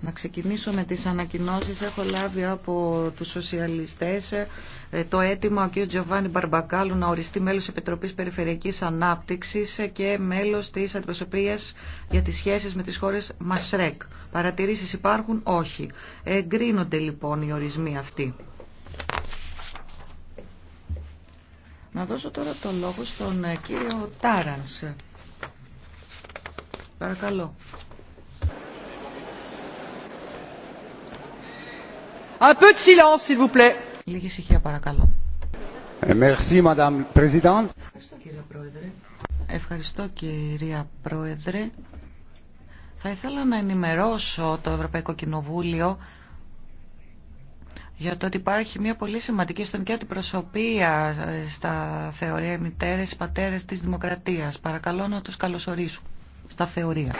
Να ξεκινήσω με τις ανακοινώσεις. Έχω λάβει από τους σοσιαλιστές ε, το αίτημα ο κ. Τζοβάνι Μπαρμπακάλου να οριστεί μέλος Επιτροπής Περιφερειακής Ανάπτυξης και μέλος της Αντιπροσωπείας για τις σχέσεις με τις χώρες Μασρέκ. Παρατηρήσεις υπάρχουν, όχι. Εγκρίνονται λοιπόν οι ορισμοί αυτοί. Να δώσω τώρα το λόγο στον ε, κύριο Τάρανς. Παρακαλώ. Un peu de silence, s'il vous plaît. Λίγη ησυχία, παρακαλώ. Ε, merci, Madame Ευχαριστώ, κύριε Πρόεδρε. Ευχαριστώ, κυρία Πρόεδρε. Θα ήθελα να ενημερώσω το Ευρωπαϊκό Κοινοβούλιο για το ότι υπάρχει μια πολύ σημαντική στον και προσωπία ε, στα θεωρία μητέρες, πατέρες της δημοκρατίας. Παρακαλώ να τους καλωσορίσουν στα θεωρία.